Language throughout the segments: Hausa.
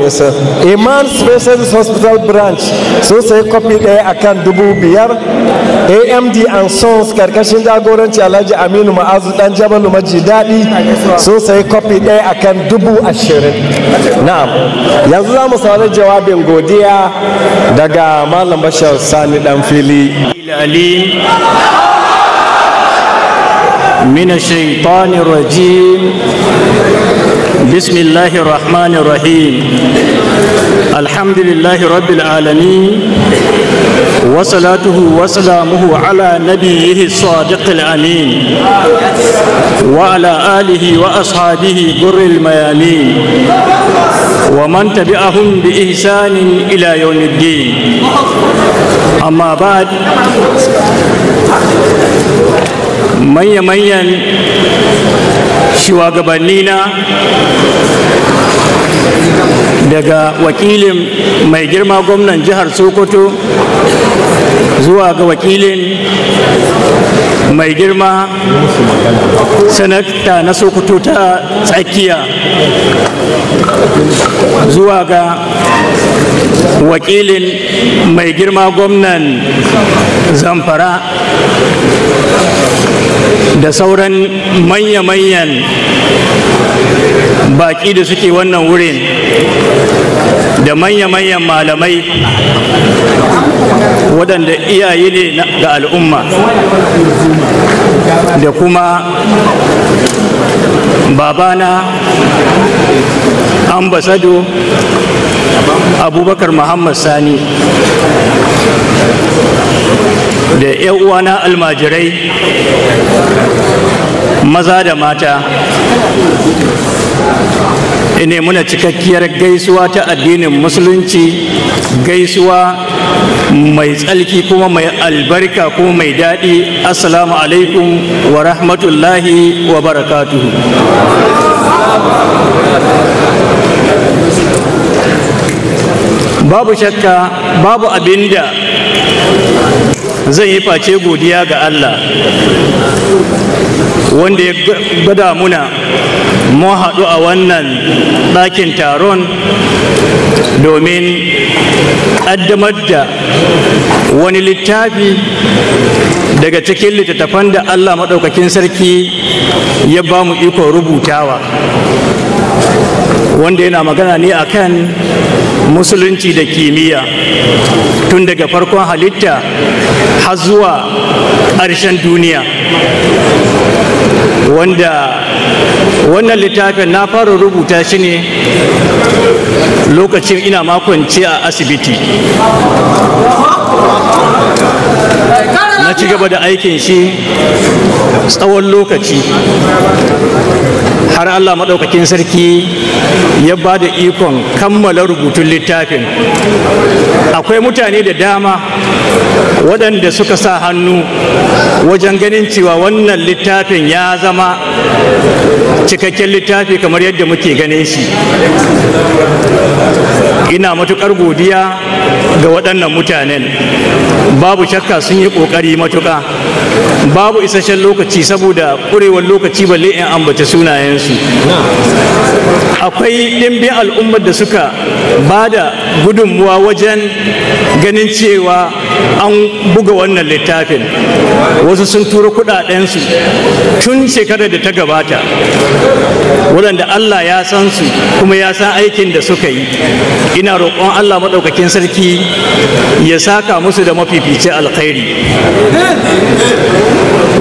Yes, Iman Specialist Hospital Branch so say kwafi ɗaya a dubu biyar AMD and Sons karkashin jagoranci Alhaji Aminu Ma'azu dan Jabalu Maji Daɗi so say kwafi ɗaya a dubu ashirin. Na'am, yanzu za mu saurari jawabin godiya daga Malam Bashar Sani ɗan fili. من الشيطان الرجيم بسم الله الرحمن الرحيم الحمد لله رب العالمين وصلاته وسلامه على نبيه الصادق الأمين وعلى آله وأصحابه قر الميامين ومن تبعهم بإحسان إلى يوم الدين أما بعد manya-manyan shugabanni na daga wakilin mai girma gwamnan jihar sokoto zuwa ga wakilin mai girma sanata na sokoto ta tsakiya zuwa ga wakilin mai girma gwamnan zamfara da sauran manya-manyan baƙi da suke wannan wurin da manya-manyan malamai waɗanda iyaye ne ga al'umma da kuma babana ambasado abubakar muhammad sani da 'yan uwana almajirai maza da mata ina muna cikakkiyar gaisuwa ta addinin musulunci gaisuwa mai tsalki kuma mai albarka kuma mai daɗi assalamu alaikum wa rahmatullahi wa barakatu. babu shakka babu abinda zai yi face godiya ga Allah wanda ya gada muna mun haɗu a wannan ɗakin taron domin ƙaddamar da wani littafi daga cikin littattafan da Allah maɗaukakin sarki ya ba mu iko rubutawa wanda yana magana ne a kan musulunci da kimiyya tun daga farkon halitta har zuwa ƙarshen duniya wanda wannan littafin na fara rubuta shi ne lokacin ina makonci a asibiti na ci gaba da aikin shi tsawon lokaci har allah maɗaukakin sarki ya ba da ikon kammala rubutun littafin akwai mutane da dama waɗanda suka sa hannu wajen ganin cewa wannan littafin ya zama cikakken littafi kamar yadda muke ganin shi ina matuƙar godiya ga waɗannan mutanen babu shakka sun yi ƙoƙari matuƙa babu isasshen lokaci saboda ƙurewar lokaci balle in ambata sunayensu akwai ɗimbin al'ummar da suka ba da gudunmuwa wajen ganin cewa an buga wannan littafin wasu sun tura kudadensu tun shekarar da ta gabata waɗanda allah ya san su kuma ya san aikin da suka yi ina roƙon allah maɗaukakin sarki ya saka musu da mafificin alkhairi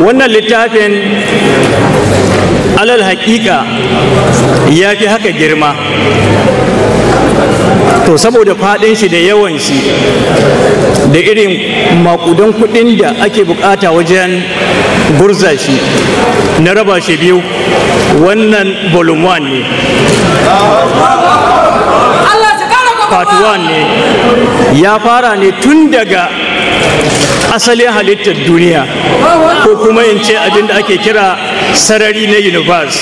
wannan littafin alal haƙiƙa ya fi haka girma to saboda faɗin shi da yawan shi da irin makudan kuɗin da ake bukata wajen gurza shi na raba shi biyu wannan volume 1 ne part 1 ne ya fara ne tun daga asalin halittar duniya ko kuma in ce abin da ake kira sarari na universe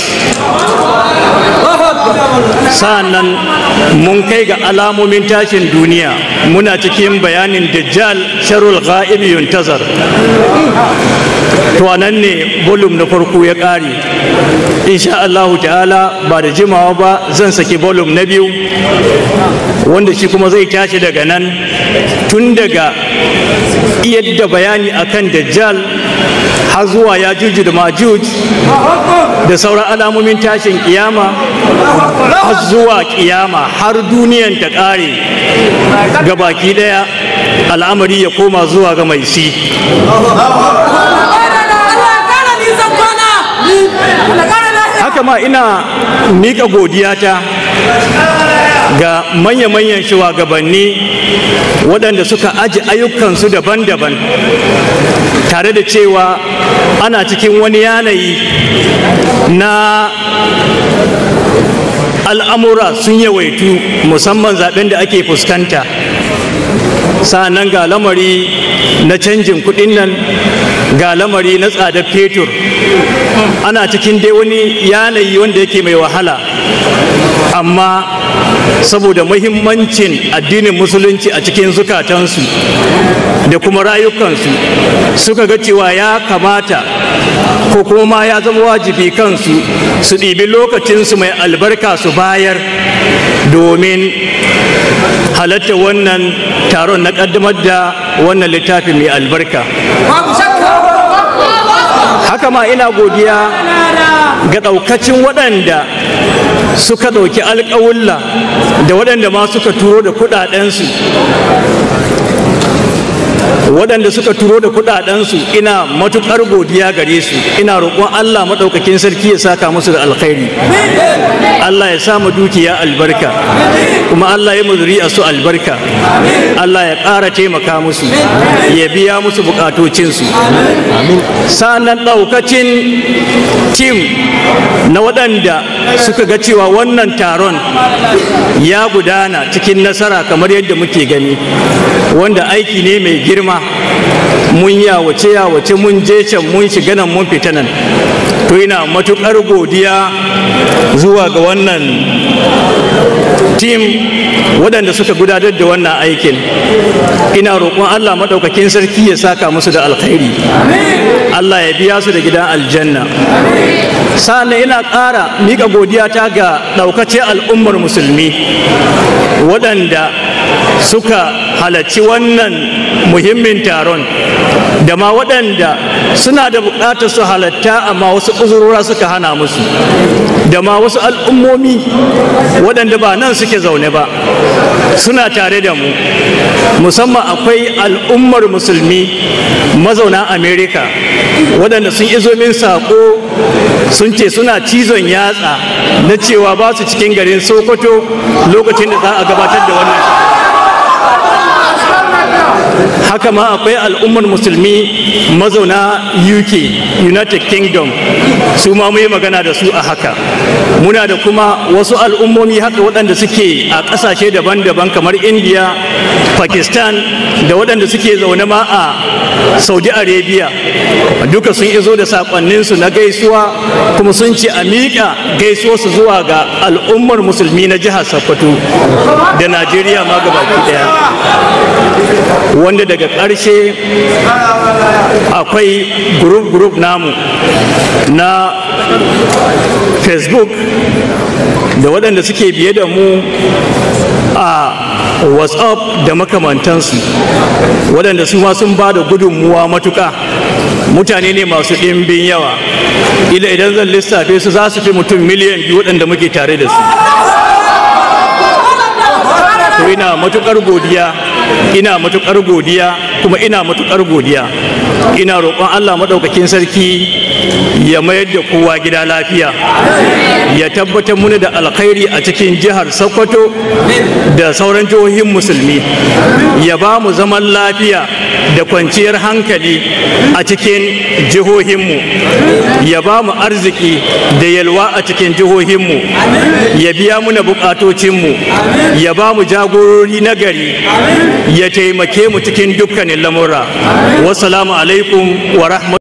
nan mun kai ga alamomin tashin duniya muna cikin bayanin dajjal sharul ga'im yuntazar to nan ne volum na farko ya ƙare insha Allah ta'ala ba da jimawa ba zan saki volum na biyu wanda shi kuma zai tashi daga nan tun daga yadda bayani akan dajjal har zuwa ya juju da majuj da sauran alamomin tashin kiyama har zuwa kiyama har duniyan ta kare ga baki daya al'amari ya koma zuwa ga mai si. haka ma ina miƙa godiyata ga manya-manyan shugabanni waɗanda suka aji ayyukansu daban-daban tare da cewa ana cikin wani yanayi na al'amura sun yawaitu musamman zaɓen da ake fuskanta sa'annan ga lamari na canjin kuɗin nan ga lamari na tsadar fetur ana cikin dai wani yanayi wanda yake mai wahala amma saboda mahimmancin addinin musulunci a cikin zukatansu da kuma rayukansu suka ga cewa ya kamata ko kuma ya zama wajibi kansu su ɗibi lokacinsu mai albarka su bayar domin halatta wannan taron na ƙaddamar da wannan littafin mai albarka haka ma ina godiya ga ɗaukacin waɗanda suka ɗauki alƙawulla da waɗanda ma suka turo da kuɗaɗensu waɗanda suka turo da kuɗaɗensu ina matuƙar godiya gare su ina roƙon Allah maɗaukakin sarki ya saka musu da alkhairi Allah ya samu dukiya albarka kuma Allah ya muzuri a su albarka Allah ya ƙara taimaka musu ya biya musu buƙatocinsu sanan ɗaukacin tim na waɗanda suka ga cewa wannan taron ya gudana cikin nasara kamar yadda muke gani wanda aiki ne mai girma mun yawace yawace mun je can mun shiga nan mun fita nan to ina matukar godiya zuwa ga wannan tim waɗanda suka gudanar da wannan aikin ina roƙon allah maɗaukakin sarki ya saka musu da alkhairi allah ya biya su da gidan aljanna sannan ina ƙara miƙa godiyata ga ɗaukace al'ummar musulmi waɗanda suka halarci wannan muhimmin taron da ma waɗanda suna da buƙatar su halatta amma wasu uzurora suka hana musu da ma wasu al'ummomi waɗanda ba nan suke zaune ba suna tare da mu musamman akwai al'ummar musulmi mazauna amerika waɗanda sun izo min saƙo sun ce suna cizon yatsa na cewa ba su cikin garin sokoto lokacin da za a gabatar da wannan haka ma akwai al'ummar musulmi mazauna uk united kingdom su ma mu magana da su a haka muna da kuma wasu al'ummomi haka waɗanda suke a ƙasashe daban-daban kamar india pakistan da waɗanda suke zaune ma a saudi arabia duka sun izo da saƙonninsu na gaisuwa kuma sun ce a miƙa gaisuwarsu zuwa ga al'ummar musulmi na jihar sokoto da najeriya ma gabaki ɗaya wanda daga ƙarshe akwai group-group namu na facebook da waɗanda suke biye da mu a whatsapp da makamantansu waɗanda su ma sun ba da gudunmuwa matuƙa mutane ne masu ɗimbin yawa ila idan zan lissafe su za su fi mutum miliyan biyu waɗanda muke tare da su ina matuƙar godiya ina matuƙar godiya kuma ina matuƙar godiya ina roƙon Allah maɗaukakin sarki ya mayar da kowa gida lafiya ya tabbatar muna da alkhairi a cikin jihar Sokoto da sauran jihohin musulmi ya ba mu zaman lafiya da kwanciyar hankali a cikin jihohinmu ya ba mu arziki da yalwa a cikin jihohinmu ya biya muna bukatocinmu ya ba mu jagorori nagari, ya taimake mu cikin dukkanin lamura wasu alaikum wa rahmatu.